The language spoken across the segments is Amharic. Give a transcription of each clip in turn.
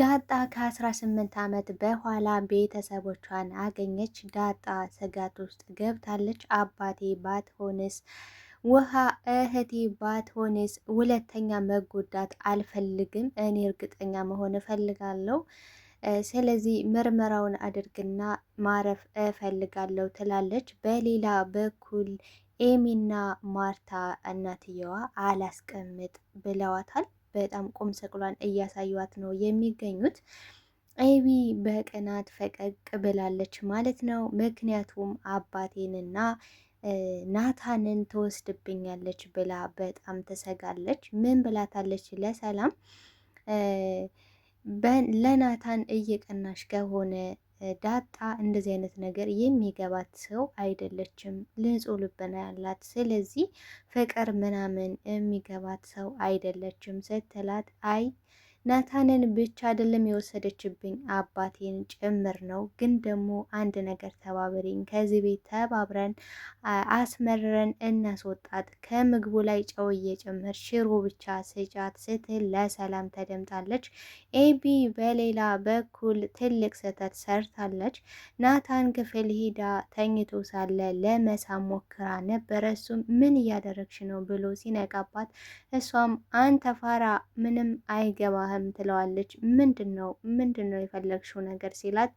ዳጣ ከ18 ዓመት በኋላ ቤተሰቦቿን አገኘች። ዳጣ ስጋት ውስጥ ገብታለች። አባቴ ባትሆንስ ውሃ እህቴ ባትሆንስ፣ ሁለተኛ መጎዳት አልፈልግም። እኔ እርግጠኛ መሆን እፈልጋለሁ። ስለዚህ ምርመራውን አድርግና ማረፍ እፈልጋለሁ ትላለች። በሌላ በኩል ኤሚና ማርታ እናትየዋ አላስቀምጥ ብለዋታል። በጣም ቁም ስቅሏን እያሳዩዋት ነው የሚገኙት። አይቢ በቅናት ፈቀቅ ብላለች ማለት ነው። ምክንያቱም አባቴንና ናታንን ትወስድብኛለች ብላ በጣም ትሰጋለች። ምን ብላታለች? ለሰላም ለናታን እየቀናሽ ከሆነ ዳጣ እንደዚህ አይነት ነገር የሚገባት ሰው አይደለችም። ንጹሕ ልብና ያላት ስለዚህ ፍቅር ምናምን የሚገባት ሰው አይደለችም ስትላት አይ ናታንን ብቻ አይደለም የወሰደችብኝ አባቴን ጭምር ነው። ግን ደግሞ አንድ ነገር ተባበሪኝ፣ ከዚህ ቤት ተባብረን አስመርረን እናስወጣት። ከምግቡ ላይ ጨው እየጨመር ሽሮ ብቻ ስጫት ስትል ለሰላም ተደምጣለች። ኤቢ በሌላ በኩል ትልቅ ስህተት ሰርታለች። ናታን ክፍል ሂዳ ተኝቶ ሳለ ለመሳም ሞክራ ነበረ። እሱም ምን እያደረግሽ ነው ብሎ ሲነቃባት፣ እሷም አንተ ፋራ ምንም አይገባህም ሰላም ትለዋለች። ምንድን ነው ምንድን ነው የፈለግሽው ነገር ሲላት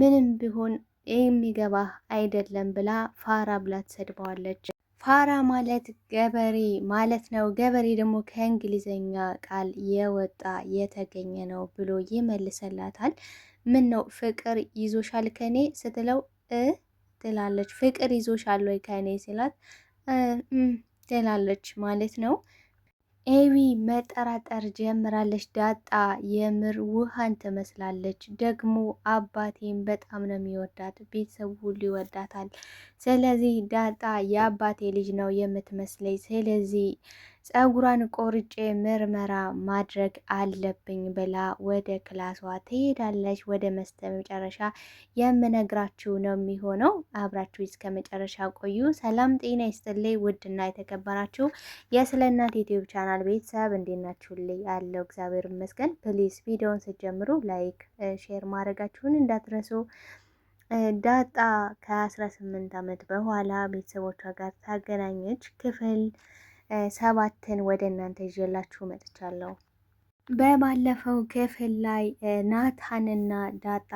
ምንም ቢሆን የሚገባ አይደለም ብላ ፋራ ብላ ትሰድበዋለች። ፋራ ማለት ገበሬ ማለት ነው። ገበሬ ደግሞ ከእንግሊዘኛ ቃል የወጣ የተገኘ ነው ብሎ ይመልሰላታል። ምን ነው ፍቅር ይዞሻል ከኔ ስትለው እ ትላለች። ፍቅር ይዞሻል ወይ ከኔ ሲላት ትላለች ማለት ነው። ኤቢ መጠራጠር ጀምራለች። ዳጣ የምር ውሃን ትመስላለች። ደግሞ አባቴን በጣም ነው የሚወዳት፣ ቤተሰቡ ሁሉ ይወዳታል። ስለዚህ ዳጣ የአባቴ ልጅ ነው የምትመስለኝ። ስለዚህ ፀጉሯን ቆርጬ ምርመራ ማድረግ አለብኝ ብላ ወደ ክላሷ ትሄዳለች። ወደ መስተ መጨረሻ የምነግራችሁ ነው የሚሆነው። አብራችሁ እስከ መጨረሻ ቆዩ። ሰላም ጤና ይስጥልኝ። ውድና የተከበራችሁ የስለ እናት ዩቲዩብ ቻናል ቤተሰብ እንዴት ናችሁልኝ? ያለው እግዚአብሔር ይመስገን። ፕሊዝ ቪዲዮውን ስትጀምሩ ላይክ፣ ሼር ማድረጋችሁን እንዳትረሱ። ዳጣ ከ18 ዓመት በኋላ ቤተሰቦቿ ጋር ታገናኘች ክፍል ሰባትን ወደ እናንተ ይዤላችሁ መጥቻለሁ። በባለፈው ክፍል ላይ ናታንና ዳጣ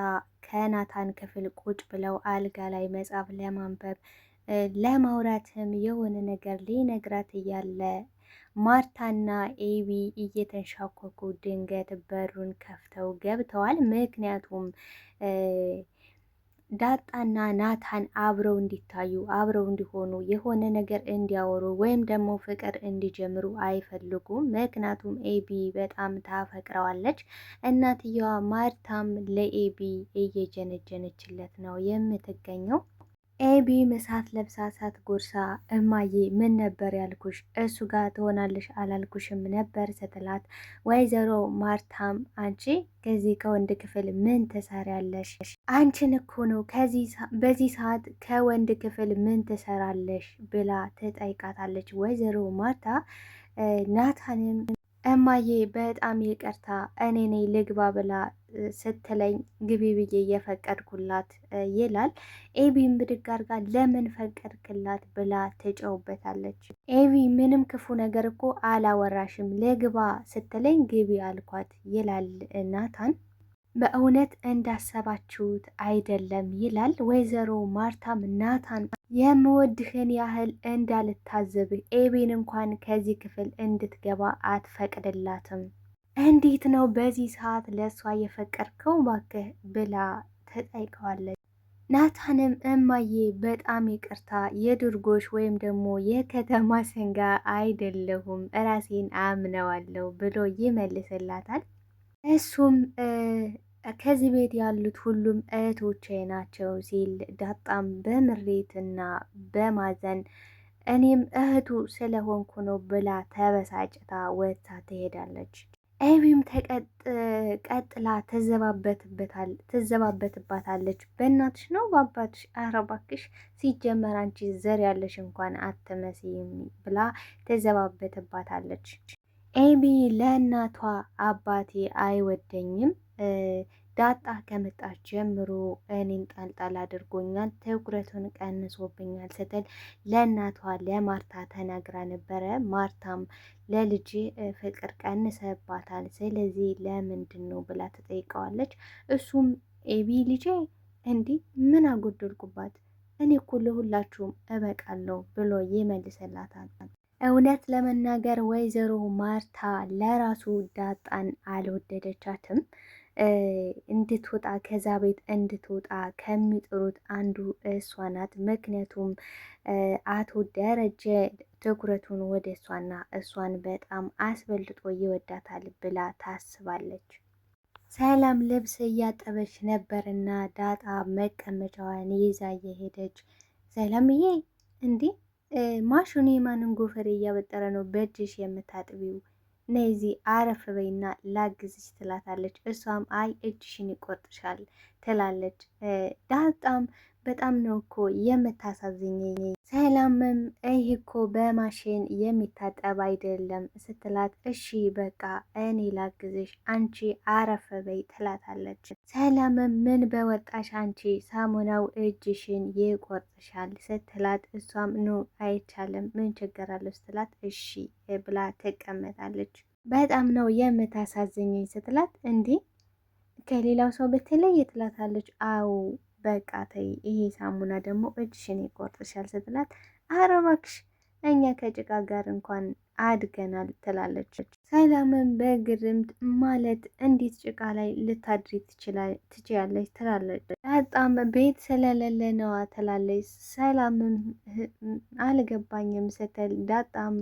ከናታን ክፍል ቁጭ ብለው አልጋ ላይ መጽሐፍ ለማንበብ ለማውራትም የሆነ ነገር ሊነግራት እያለ ማርታና ኤቢ እየተንሻኮኩ ድንገት በሩን ከፍተው ገብተዋል። ምክንያቱም ዳጣና ናታን አብረው እንዲታዩ አብረው እንዲሆኑ የሆነ ነገር እንዲያወሩ ወይም ደግሞ ፍቅር እንዲጀምሩ አይፈልጉም። ምክንያቱም ኤቢ በጣም ታፈቅረዋለች። እናትየዋ ማርታም ለኤቢ እየጀነጀነችለት ነው የምትገኘው። ኤቢ ምሳት ለብሳ ሳት ጎርሳ እማዬ ምን ነበር ያልኩሽ? እሱ ጋር ትሆናለሽ አላልኩሽም ነበር ስትላት፣ ወይዘሮ ማርታም አንቺ ከዚህ ከወንድ ክፍል ምን ትሰሪያለሽ? አንቺን እኮ ነው በዚህ ሰዓት ከወንድ ክፍል ምን ትሰራለሽ? ብላ ትጠይቃታለች። ወይዘሮ ማርታ ናታንም እማዬ በጣም ይቅርታ እኔ ነኝ ልግባ ብላ ስትለኝ ግቢ ብዬ እየፈቀድኩላት ይላል። ኤቢም ብድግ አድርጋ ለምን ፈቀድክላት ብላ ትጨውበታለች። ኤቢ ምንም ክፉ ነገር እኮ አላወራሽም ልግባ ስትለኝ ግቢ አልኳት ይላል ናታን። በእውነት እንዳሰባችሁት አይደለም ይላል። ወይዘሮ ማርታም ናታን የምወድህን ያህል እንዳልታዘብህ ኤቤን እንኳን ከዚህ ክፍል እንድትገባ አትፈቅድላትም። እንዴት ነው በዚህ ሰዓት ለእሷ የፈቀድከው እባክህ ብላ ተጠይቀዋለች። ናታንም እማዬ በጣም ይቅርታ የድርጎሽ ወይም ደግሞ የከተማ ሰንጋ አይደለሁም እራሴን አምነዋለሁ ብሎ ይመልስላታል። እሱም ከዚህ ቤት ያሉት ሁሉም እህቶቼ ናቸው ሲል ዳጣም በምሬትና በማዘን እኔም እህቱ ስለሆንኩ ነው ብላ ተበሳጭታ ወታ ትሄዳለች። ኤቢም ቀጥላ ትዘባበትባታለች። በእናትሽ ነው በአባትሽ? ኧረ እባክሽ ሲጀመር አንቺ ዘር ያለሽ እንኳን አትመስይም ብላ ትዘባበትባታለች። ኤቢ ለእናቷ አባቴ አይወደኝም ዳጣ ከመጣች ጀምሮ እኔን ጣልጣል አድርጎኛል፣ ትኩረቱን ቀንሶብኛል ስትል ለእናቷ ለማርታ ተናግራ ነበረ። ማርታም ለልጅ ፍቅር ቀንሰባታል፣ ስለዚህ ለምንድን ነው ብላ ትጠይቀዋለች። እሱም ኤቢ ልጄ እንዲህ ምን አጎደልኩባት? እኔ እኮ ለሁላችሁም እበቃለሁ ብሎ ይመልስላታል። እውነት ለመናገር ወይዘሮ ማርታ ለራሱ ዳጣን አልወደደቻትም። እንድትወጣ ከዛ ቤት እንድትወጣ ከሚጥሩት አንዱ እሷ ናት። ምክንያቱም አቶ ደረጀ ትኩረቱን ወደ እሷና እሷን በጣም አስበልጦ ይወዳታል ብላ ታስባለች። ሰላም ልብስ እያጠበች ነበርና ዳጣ መቀመጫዋን ይዛ እየሄደች ሰላምዬ እንዲህ ማሽኑ የማንን ጎፈሬ እያበጠረ ነው በእጅሽ የምታጥቢው? ነዚ አረፍ በይና ላግዝሽ ትላታለች። እሷም አይ እጅሽን ይቆርጥሻል ትላለች። ዳጣም በጣም ነው እኮ የምታሳዝኝ ሰላምም ይህ እኮ በማሽን የሚታጠብ አይደለም ስትላት፣ እሺ በቃ እኔ ላግዝሽ አንቺ አረፈ በይ ትላታለች። ሰላምም ምን በወጣሽ አንቺ ሳሙናው እጅሽን ይቆርጥሻል ስትላት፣ እሷም ኑ አይቻልም ምን ችግር አለው ስትላት፣ እሺ ብላ ትቀመጣለች። በጣም ነው የምታሳዝኝኝ ስትላት፣ እንዲህ ከሌላው ሰው በተለየ ትላታለች። አዎ በቃ ተይ ይሄ ሳሙና ደግሞ እጅሽን ይቆርጥሻል ስትላት፣ ኧረ እባክሽ እኛ ከጭቃ ጋር እንኳን አድገናል ትላለች። ሰላምን በግርምት ማለት እንዴት ጭቃ ላይ ልታድሪ ትችያለች ትላለች። በጣም ቤት ስለሌለ ነዋ ትላለች። ሰላምም አልገባኝም ስትል ዳጣም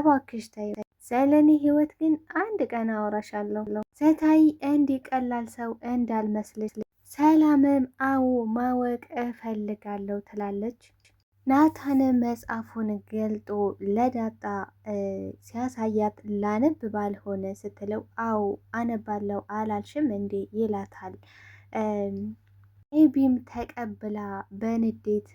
እባክሽ ተይ ስለኔ ህይወት ግን አንድ ቀን አወራሻለሁ ስታይ እንዲህ ቀላል ሰው እንዳልመስልሽ ሰላምም አዎ ማወቅ እፈልጋለሁ ትላለች። ናታንም መጽሐፉን ገልጦ ለዳጣ ሲያሳያት ላነብ ባልሆነ ስትለው አዎ አነባለው አላልሽም እንዴ ይላታል። ኤቢም ተቀብላ በንዴት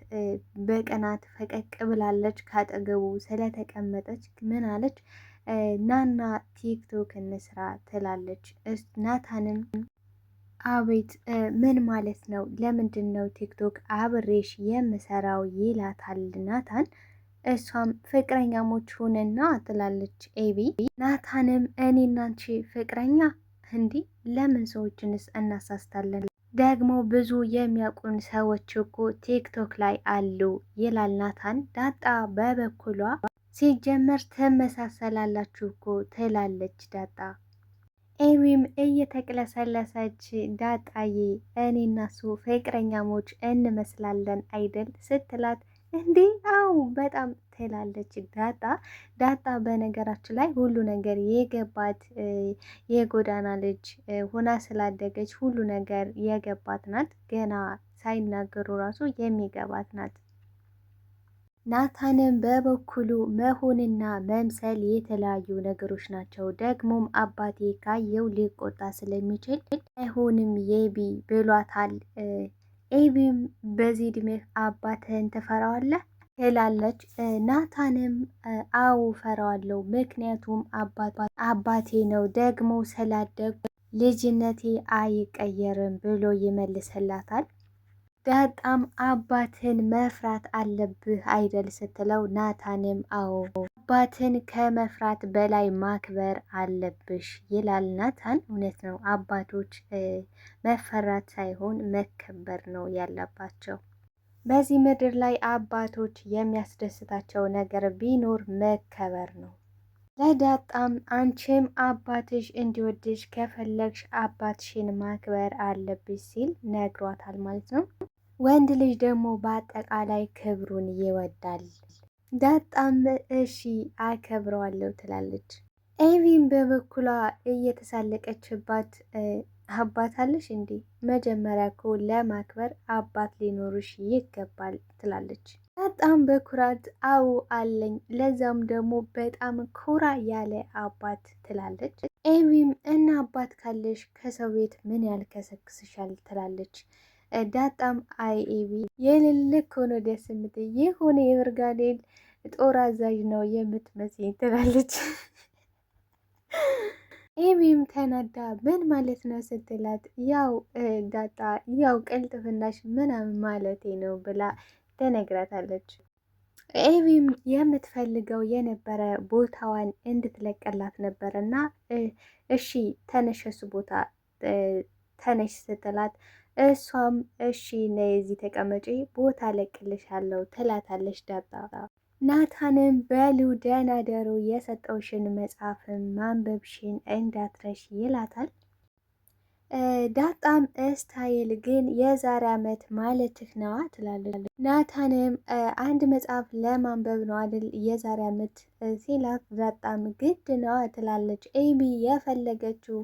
በቅናት ፈቀቅ ብላለች። ካጠገቡ ስለተቀመጠች ምን አለች ናና ቲክቶክ እንስራ ትላለች። ናታንም አቤት ምን ማለት ነው? ለምንድን ነው ቲክቶክ አብሬሽ የምሰራው ይላታል ናታን። እሷም ፍቅረኛሞች ሁንና ትላለች ኤቢ። ናታንም እኔ እናንቺ ፍቅረኛ እንዲህ ለምን ሰዎችንስ እናሳስታለን? ደግሞ ብዙ የሚያውቁን ሰዎች እኮ ቲክቶክ ላይ አሉ ይላል ናታን። ዳጣ በበኩሏ ሲጀመር ትመሳሰላላችሁ እኮ ትላለች ዳጣ ኤሚም እየተቅለሰለሰች ዳጣዬ እኔ እናሱ ፍቅረኛሞች እንመስላለን አይደል ስትላት እንዴ አው በጣም ትላለች ዳጣ። ዳጣ በነገራችን ላይ ሁሉ ነገር የገባት የጎዳና ልጅ ሆና ስላደገች ሁሉ ነገር የገባት ናት። ገና ሳይናገሩ ራሱ የሚገባት ናት። ናታንም በበኩሉ መሆንና መምሰል የተለያዩ ነገሮች ናቸው። ደግሞም አባቴ ካየው ሊቆጣ ስለሚችል አይሆንም የቢ ብሏታል። ኤቢም በዚህ እድሜህ አባትህን ትፈራዋለህ ትላለች። ናታንም አዎ ፈራዋለሁ፣ ምክንያቱም አባቴ ነው ደግሞ ስላደጉ ልጅነቴ አይቀየርም ብሎ ይመልስላታል። በጣም አባትን መፍራት አለብህ አይደል ስትለው፣ ናታንም አዎ አባትን ከመፍራት በላይ ማክበር አለብሽ ይላል ናታን። እውነት ነው፣ አባቶች መፈራት ሳይሆን መከበር ነው ያለባቸው። በዚህ ምድር ላይ አባቶች የሚያስደስታቸው ነገር ቢኖር መከበር ነው። ለዳጣም አንቺም አባትሽ እንዲወድሽ ከፈለግሽ አባትሽን ማክበር አለብሽ ሲል ነግሯታል ማለት ነው። ወንድ ልጅ ደግሞ በአጠቃላይ ክብሩን ይወዳል። ዳጣም እሺ አከብረዋለሁ ትላለች። ኤቪን በበኩሏ እየተሳለቀችባት አባት እንዲህ መጀመሪያ እኮ ለማክበር አባት ሊኖርሽ ይገባል ትላለች። በጣም በኩራት አው አለኝ፣ ለዛም ደግሞ በጣም ኩራ ያለ አባት ትላለች። ኤቪም እና አባት ካለሽ ከሰው ቤት ምን ያልከሰክስሻል ትላለች። ዳጣም አይ ኤቪ የልልክ ሆኖ ደስ የምትይ የሆነ የብርጋዴን ጦር አዛዥ ነው የምትመስኝ ትላለች። ኤቪም ተናዳ ምን ማለት ነው ስትላት፣ ያው ዳጣ ያው ቅልጥፍናሽ ምናምን ማለቴ ነው ብላ ተነግራታለች። ኤቢም የምትፈልገው የነበረ ቦታዋን እንድትለቀላት ነበረ እና እሺ ተነሸሱ ቦታ ተነሽ ስትላት እሷም እሺ ነይ እዚህ ተቀመጪ ቦታ ለቅልሻለሁ ትላታለች። ዳጣ ናታንም በሉ ደህና ደሩ የሰጠውሽን መጽሐፍን ማንበብሽን እንዳትረሽ ይላታል። ዳጣም እስታይል ግን የዛሬ ዓመት ማለትህ ነዋ ትላለች። ናታንም አንድ መጽሐፍ ለማንበብ ነው አይደል የዛሬ ዓመት ሲላት፣ ዳጣም ግድ ነዋ ትላለች። ኤሚ የፈለገችው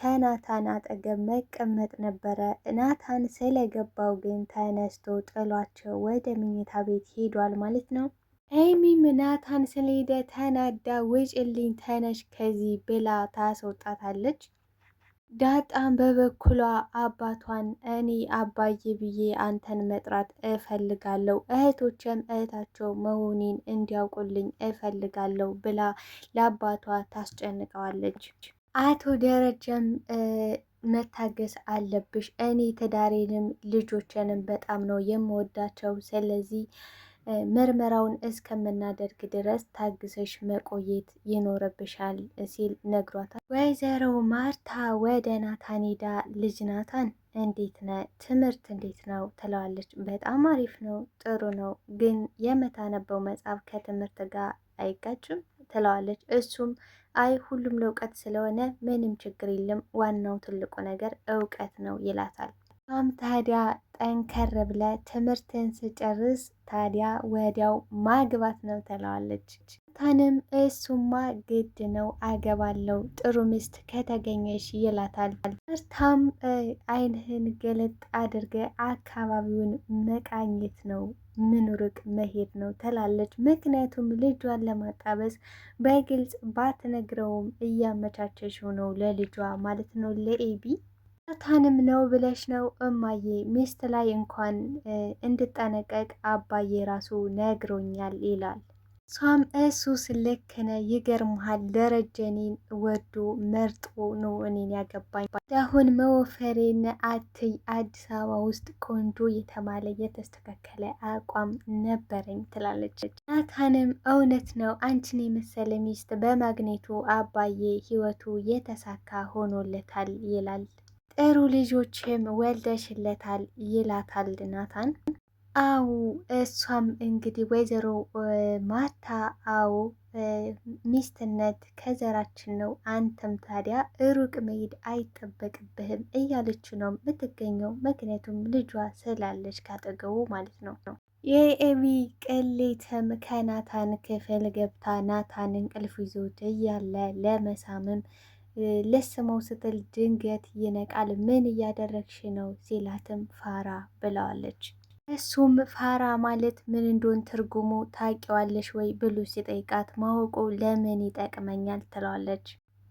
ከናታን አጠገብ መቀመጥ ነበረ። ናታን ስለገባው ግን ተነስቶ ጥሏቸው ወደ መኝታ ቤት ሄዷል ማለት ነው። ኤሚም ናታን ስለሄደ ተናዳ ውጭልኝ፣ ተነሽ ከዚህ ብላ ታስወጣታለች። ዳጣን በበኩሏ አባቷን እኔ አባዬ ብዬ አንተን መጥራት እፈልጋለሁ፣ እህቶችም እህታቸው መሆኔን እንዲያውቁልኝ እፈልጋለሁ ብላ ለአባቷ ታስጨንቀዋለች። አቶ ደረጀም መታገስ አለብሽ፣ እኔ ትዳሬንም ልጆቼንም በጣም ነው የምወዳቸው፣ ስለዚህ ምርመራውን እስከምናደርግ ድረስ ታግሰሽ መቆየት ይኖረብሻል ሲል ነግሯታል። ወይዘሮ ማርታ ወደ ናታን ሄዳ ልጅ ናታን እንዴት ነ ትምህርት እንዴት ነው ትለዋለች። በጣም አሪፍ ነው ጥሩ ነው፣ ግን የምታነበው መጽሐፍ ከትምህርት ጋር አይጋጭም ትለዋለች። እሱም አይ ሁሉም ለእውቀት ስለሆነ ምንም ችግር የለም ዋናው ትልቁ ነገር እውቀት ነው ይላታል። እሷም ታዲያ ጠንከር ብለ ትምህርትን ስጨርስ ታዲያ ወዲያው ማግባት ነው ትለዋለች። ታንም እሱማ ግድ ነው አገባለው ጥሩ ሚስት ከተገኘሽ ይላታል። እርታም አይንህን ገለጥ አድርገ አካባቢውን መቃኘት ነው ምን መሄድ ነው ትላለች። ምክንያቱም ልጇን ለማጣበስ በግልጽ ባትነግረውም እያመቻቸሽ ነው ለልጇ ማለት ነው ለኤቢ ናታንም ነው ብለሽ ነው እማዬ፣ ሚስት ላይ እንኳን እንድጠነቀቅ አባዬ ራሱ ነግሮኛል ይላል። እሷም እሱስ ልክ ነህ፣ ይገርምሃል፣ ደረጀኔን ወዶ መርጦ ነው እኔን ያገባኝ። አሁን መወፈሬን አትይ፣ አዲስ አበባ ውስጥ ቆንጆ የተባለ የተስተካከለ አቋም ነበረኝ ትላለች። ናታንም እውነት ነው፣ አንቺን የመሰለ ሚስት በማግኘቱ አባዬ ህይወቱ የተሳካ ሆኖለታል ይላል። ጥሩ ልጆችም ወልደሽለታል ይላታል ናታን። አዎ እሷም እንግዲህ ወይዘሮ ማታ አዎ ሚስትነት ከዘራችን ነው፣ አንተም ታዲያ ሩቅ መሄድ አይጠበቅብህም እያለች ነው የምትገኘው። ምክንያቱም ልጇ ስላለች ካጠገቡ ማለት ነው። የኤቢ ቅሌትም ከናታን ክፍል ገብታ ናታን እንቅልፍ ይዞት እያለ ለመሳምም ለስመው ስትል ድንገት ይነቃል። ምን እያደረግሽ ነው ሲላትም ፋራ ብለዋለች። እሱም ፋራ ማለት ምን እንደሆን ትርጉሙ ታውቂዋለሽ ወይ ብሎ ሲጠይቃት ማወቁ ለምን ይጠቅመኛል ትለዋለች።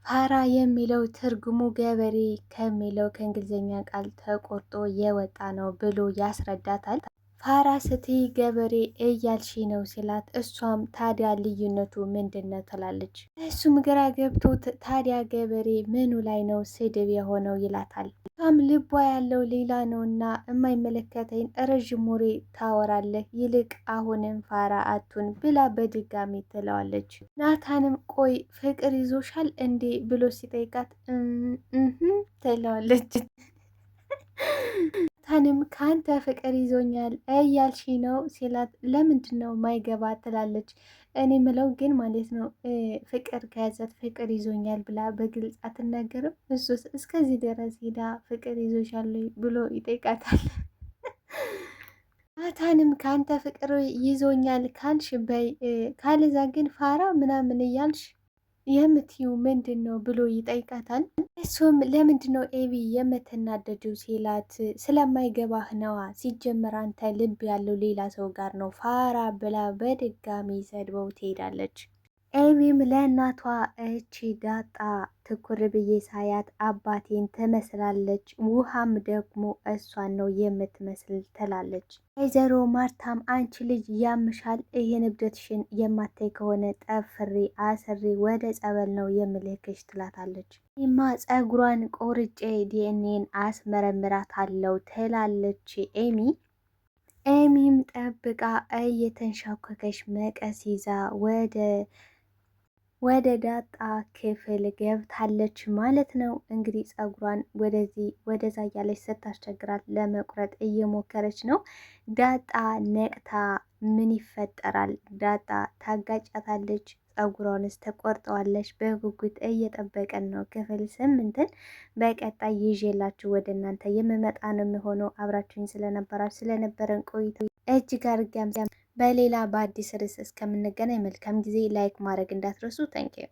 ፋራ የሚለው ትርጉሙ ገበሬ ከሚለው ከእንግሊዝኛ ቃል ተቆርጦ የወጣ ነው ብሎ ያስረዳታል። ፋራ ስትይ ገበሬ እያልሽ ነው ሲላት፣ እሷም ታዲያ ልዩነቱ ምንድነው ትላለች። እሱም ግራ ገብቶት ታዲያ ገበሬ ምኑ ላይ ነው ስድብ የሆነው ይላታል። እሷም ልቧ ያለው ሌላ ነው ና የማይመለከተኝ ረዥም ወሬ ታወራለህ፣ ይልቅ አሁንም ፋራ አቱን ብላ በድጋሚ ትለዋለች። ናታንም ቆይ ፍቅር ይዞሻል እንዴ ብሎ ሲጠይቃት ትለዋለች። ሩታንም ከአንተ ፍቅር ይዞኛል እያልሽ ነው ሲላት፣ ለምንድን ነው ማይገባ ትላለች። እኔ ምለው ግን ማለት ነው ፍቅር ከያዘት ፍቅር ይዞኛል ብላ በግልጽ አትናገርም። እሱስ እስከዚህ ድረስ ሄዳ ፍቅር ይዞሻል ብሎ ይጠይቃታል። ናታንም ከአንተ ፍቅር ይዞኛል ካልሽ በይ፣ ካልዛ ግን ፋራ ምናምን እያልሽ የምትዩ ምንድን ነው ብሎ ይጠይቃታል። እሱም ለምንድን ነው ኤቢ የምትናደጁ ሲላት ስለማይገባህ ነዋ። ሲጀመር አንተ ልብ ያለው ሌላ ሰው ጋር ነው ፋራ ብላ በድጋሚ ሰድበው ትሄዳለች። ኤሚም ለእናቷ እቺ ዳጣ ትኩር ብዬ ሳያት አባቴን ትመስላለች፣ ውሃም ደግሞ እሷን ነው የምትመስል ትላለች። ወይዘሮ ማርታም አንቺ ልጅ ያምሻል፣ ይህን እብደትሽን የማታይ ከሆነ ጠፍሬ አስሪ ወደ ጸበል ነው የምልክሽ ትላታለች። ይማ ጸጉሯን ቆርጬ ዲኤንኤን አስመረምራታለው ትላለች ኤሚ ኤሚም ጠብቃ እየተንሻኮከሽ መቀስ ይዛ ወደ ወደ ዳጣ ክፍል ገብታለች ማለት ነው። እንግዲህ ጸጉሯን ወደዚህ ወደዛ እያለች ስታስቸግራት ለመቁረጥ እየሞከረች ነው። ዳጣ ነቅታ ምን ይፈጠራል? ዳጣ ታጋጫታለች። ጸጉሯንስ ተቆርጠዋለች። በጉጉት እየጠበቀን ነው ክፍል ስምንትን በቀጣይ ይዤላችሁ ወደ እናንተ የምመጣ ነው የሚሆነው። አብራችሁኝ ስለነበራችሁ ስለነበረን ቆይቶ እጅግ አድርጌ በሌላ በአዲስ ርዕስ እስከምንገናኝ መልካም ጊዜ። ላይክ ማድረግ እንዳትረሱ። ታንኪዩ